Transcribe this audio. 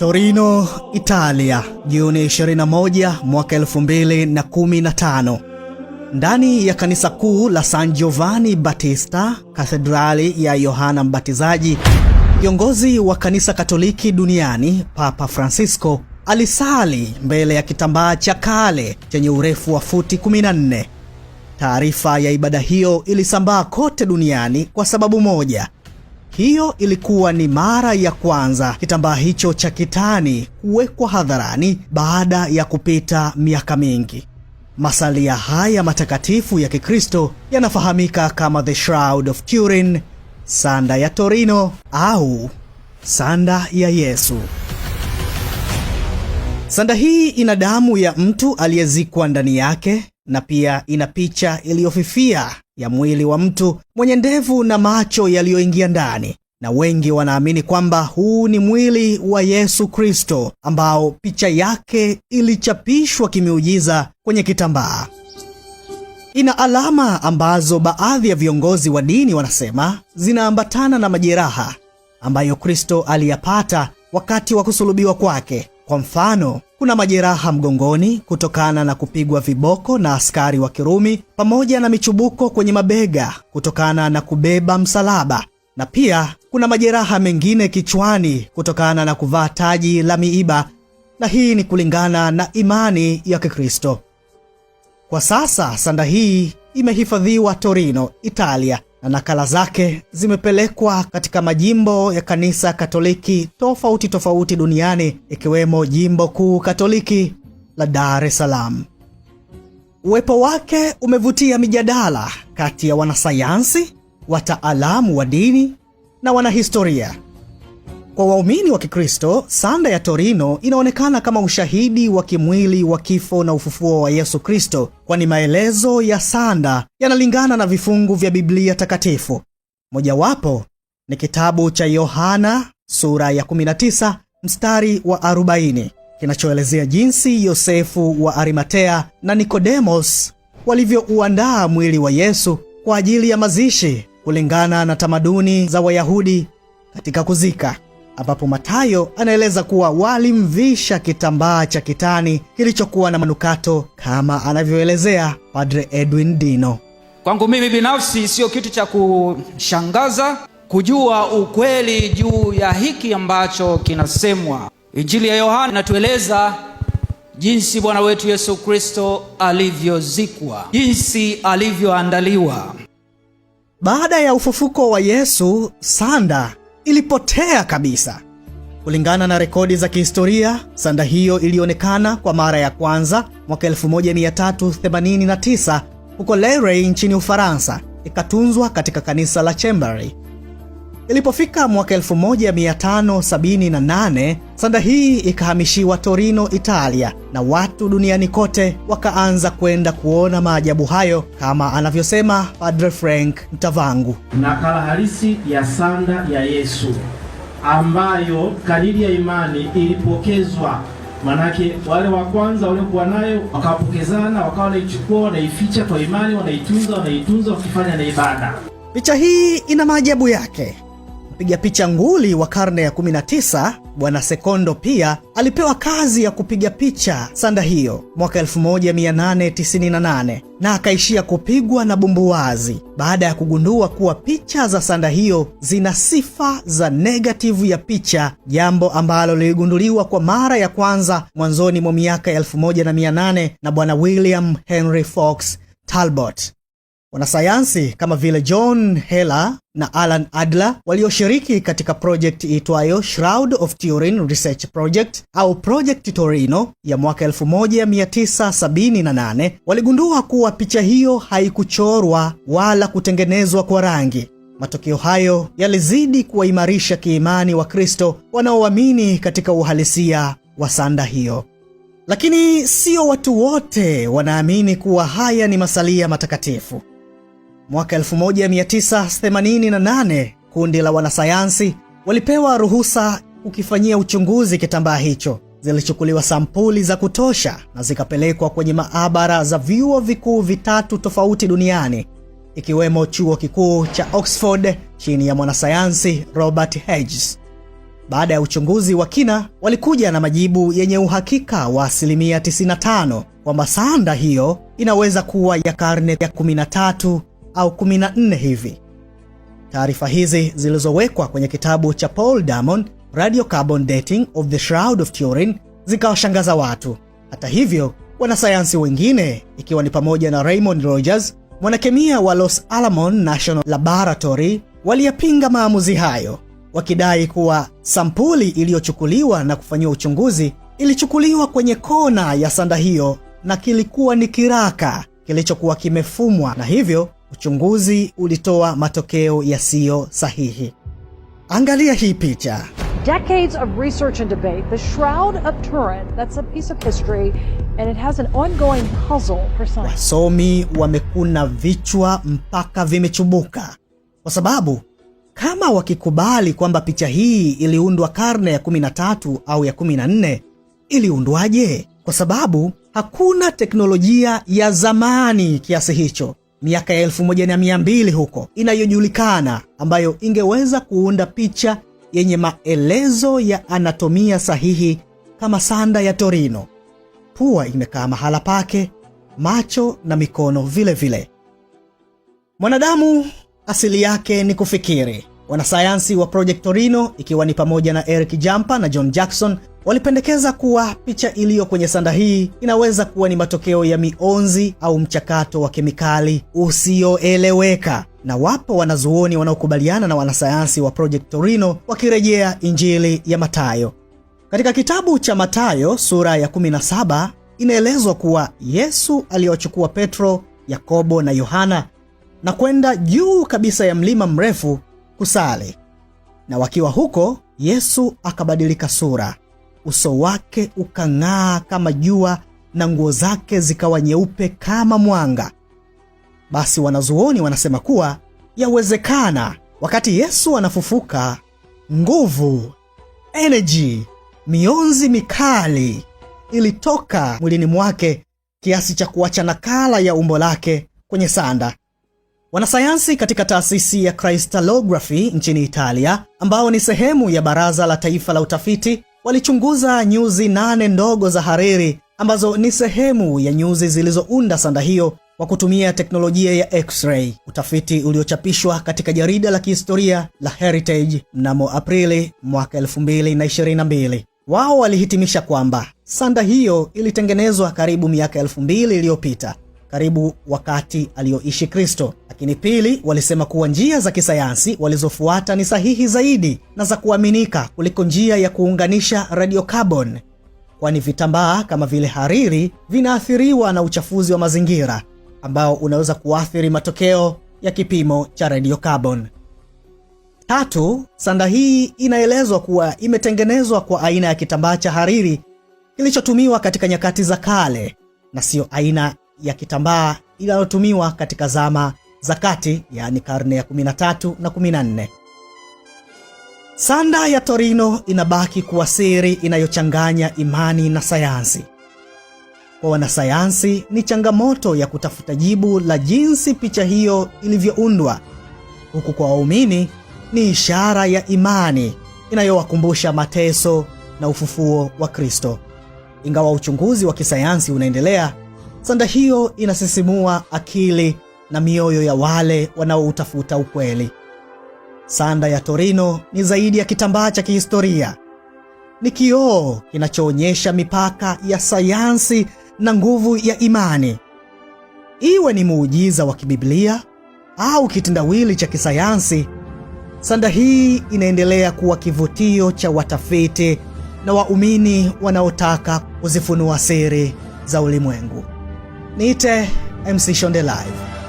Torino, Italia, Juni 21 mwaka 2015. Ndani ya kanisa kuu la San Giovanni Battista, katedrali ya Yohana Mbatizaji, kiongozi wa kanisa Katoliki duniani Papa Francisco alisali mbele ya kitambaa cha kale chenye urefu wa futi 14. Taarifa ya ibada hiyo ilisambaa kote duniani kwa sababu moja. Hiyo ilikuwa ni mara ya kwanza kitambaa hicho cha kitani kuwekwa hadharani baada ya kupita miaka mingi. Masalia haya matakatifu ya Kikristo yanafahamika kama the Shroud of Turin, sanda ya Torino au sanda ya Yesu. Sanda hii ina damu ya mtu aliyezikwa ndani yake na pia ina picha iliyofifia ya mwili wa mtu mwenye ndevu na macho yaliyoingia ndani, na wengi wanaamini kwamba huu ni mwili wa Yesu Kristo ambao picha yake ilichapishwa kimeujiza kwenye kitambaa. Ina alama ambazo baadhi ya viongozi wa dini wanasema zinaambatana na majeraha ambayo Kristo aliyapata wakati wa kusulubiwa kwake kwa mfano, kuna majeraha mgongoni kutokana na kupigwa viboko na askari wa Kirumi pamoja na michubuko kwenye mabega kutokana na kubeba msalaba na pia kuna majeraha mengine kichwani kutokana na kuvaa taji la miiba, na hii ni kulingana na imani ya Kikristo. Kwa sasa sanda hii imehifadhiwa Torino, Italia, na nakala zake zimepelekwa katika majimbo ya kanisa Katoliki tofauti tofauti duniani ikiwemo Jimbo Kuu Katoliki la Dar es Salaam. Uwepo wake umevutia mijadala kati ya wanasayansi, wataalamu wa dini na wanahistoria kwa waumini wa Kikristo, sanda ya Torino inaonekana kama ushahidi wa kimwili wa kifo na ufufuo wa Yesu Kristo, kwani maelezo ya sanda yanalingana na vifungu vya Biblia takatifu. Mojawapo ni kitabu cha Yohana sura ya 19 mstari wa 40 kinachoelezea jinsi Yosefu wa Arimatea na Nikodemos walivyouandaa mwili wa Yesu kwa ajili ya mazishi kulingana na tamaduni za Wayahudi katika kuzika ambapo matayo anaeleza kuwa walimvisha kitambaa cha kitani kilichokuwa na manukato kama anavyoelezea Padre Edwin Dino. Kwangu mimi binafsi sio kitu cha kushangaza kujua ukweli juu ya hiki ambacho kinasemwa. Injili ya Yohana inatueleza jinsi Bwana wetu Yesu Kristo alivyozikwa, jinsi alivyoandaliwa. Baada ya ufufuko wa Yesu, sanda ilipotea kabisa. Kulingana na rekodi za kihistoria, sanda hiyo ilionekana kwa mara ya kwanza mwaka 1389 huko Leray nchini Ufaransa, ikatunzwa katika kanisa la Chambery Ilipofika mwaka 1578 sanda hii ikahamishiwa Torino, Italia, na watu duniani kote wakaanza kwenda kuona maajabu hayo, kama anavyosema Padre Frank Mtavangu. Nakala halisi ya sanda ya Yesu ambayo kadiri ya imani ilipokezwa Manake wale wa kwanza waliokuwa nayo wakapokezana, wakawa wanaichukua, wanaificha kwa imani, wanaitunza, wanaitunza wakifanya na ibada. Picha hii ina maajabu yake. Mpiga picha nguli wa karne ya 19 Bwana Sekondo pia alipewa kazi ya kupiga picha sanda hiyo mwaka 1898 na akaishia kupigwa na bumbuwazi baada ya kugundua kuwa picha za sanda hiyo zina sifa za negativu ya picha, jambo ambalo liligunduliwa kwa mara ya kwanza mwanzoni mwa miaka 1800 na Bwana William Henry Fox Talbot. Wanasayansi kama vile John Heller na Alan Adler walioshiriki katika projekti iitwayo Shroud of Turin Research Project au Project Torino ya mwaka 1978 waligundua kuwa picha hiyo haikuchorwa wala kutengenezwa kwa rangi. Matokeo hayo yalizidi kuwaimarisha kiimani Wakristo wanaoamini katika uhalisia wa sanda hiyo. Lakini sio watu wote wanaamini kuwa haya ni masalia matakatifu. Mwaka 1988 kundi la wanasayansi walipewa ruhusa kukifanyia uchunguzi kitambaa hicho. Zilichukuliwa sampuli za kutosha na zikapelekwa kwenye maabara za vyuo vikuu vitatu tofauti duniani ikiwemo chuo kikuu cha Oxford chini ya mwanasayansi Robert Hedges. Baada ya uchunguzi wa kina, walikuja na majibu yenye uhakika wa asilimia 95 kwamba sanda hiyo inaweza kuwa ya karne ya 13 au 14 hivi. Taarifa hizi zilizowekwa kwenye kitabu cha Paul radio Radiocarbon Dating of the Shroud of Turin zikawashangaza watu. Hata hivyo, wanasayansi wengine ikiwa ni pamoja na Raymond Rogers, mwanakemia wa Los Alamos National Laboratory, waliyapinga maamuzi hayo wakidai kuwa sampuli iliyochukuliwa na kufanyiwa uchunguzi ilichukuliwa kwenye kona ya sanda hiyo na kilikuwa ni kiraka kilichokuwa kimefumwa na hivyo Uchunguzi ulitoa matokeo yasiyo sahihi. Angalia hii picha. Decades of research and debate, the Shroud of Turin, that's a piece of history and it has an ongoing puzzle for science. Wasomi wamekuna vichwa mpaka vimechubuka kwa sababu kama wakikubali kwamba picha hii iliundwa karne ya 13 au ya 14, iliundwaje? Kwa sababu hakuna teknolojia ya zamani kiasi hicho miaka ya elfu moja na mia mbili huko inayojulikana, ambayo ingeweza kuunda picha yenye maelezo ya anatomia sahihi kama sanda ya Torino. Pua imekaa mahala pake, macho na mikono vile vile. Mwanadamu asili yake ni kufikiri. Wanasayansi wa Project Torino, ikiwa ni pamoja na Eric jampa na John Jackson, Walipendekeza kuwa picha iliyo kwenye sanda hii inaweza kuwa ni matokeo ya mionzi au mchakato wa kemikali usioeleweka na wapo wanazuoni wanaokubaliana na wanasayansi wa Project Torino wakirejea Injili ya matayo Katika kitabu cha matayo sura ya 17 inaelezwa kuwa Yesu aliwachukua Petro, Yakobo na Yohana na kwenda juu kabisa ya mlima mrefu kusali. Na wakiwa huko Yesu akabadilika sura uso wake ukang'aa kama jua na nguo zake zikawa nyeupe kama mwanga. Basi wanazuoni wanasema kuwa yawezekana wakati Yesu anafufuka, nguvu, enerji mionzi mikali ilitoka mwilini mwake kiasi cha kuacha nakala ya umbo lake kwenye sanda. Wanasayansi katika taasisi ya cristalography nchini Italia, ambao ni sehemu ya Baraza la Taifa la Utafiti Walichunguza nyuzi nane ndogo za hariri ambazo ni sehemu ya nyuzi zilizounda sanda hiyo kwa kutumia teknolojia ya X-ray, utafiti uliochapishwa katika jarida la kihistoria la Heritage mnamo Aprili mwaka 2022. Wao walihitimisha kwamba sanda hiyo ilitengenezwa karibu miaka 2000 iliyopita, karibu wakati aliyoishi Kristo. Lakini pili, walisema kuwa njia za kisayansi walizofuata ni sahihi zaidi na za kuaminika kuliko njia ya kuunganisha radiocarbon, kwani vitambaa kama vile hariri vinaathiriwa na uchafuzi wa mazingira ambao unaweza kuathiri matokeo ya kipimo cha radiocarbon. Tatu, sanda hii inaelezwa kuwa imetengenezwa kwa aina ya kitambaa cha hariri kilichotumiwa katika nyakati za kale na siyo aina ya kitambaa inayotumiwa katika zama za kati, yaani karne ya 13 na 14. Sanda ya Torino inabaki kuwa siri inayochanganya imani na sayansi. Kwa wanasayansi ni changamoto ya kutafuta jibu la jinsi picha hiyo ilivyoundwa, huku kwa waumini ni ishara ya imani inayowakumbusha mateso na ufufuo wa Kristo. Ingawa uchunguzi wa kisayansi unaendelea, sanda hiyo inasisimua akili na mioyo ya wale wanaoutafuta ukweli. Sanda ya Torino ni zaidi ya kitambaa cha kihistoria, ni kioo kinachoonyesha mipaka ya sayansi na nguvu ya imani. Iwe ni muujiza wa kibiblia au kitendawili cha kisayansi, sanda hii inaendelea kuwa kivutio cha watafiti na waumini wanaotaka kuzifunua siri za ulimwengu. Niite MC Shonde Live.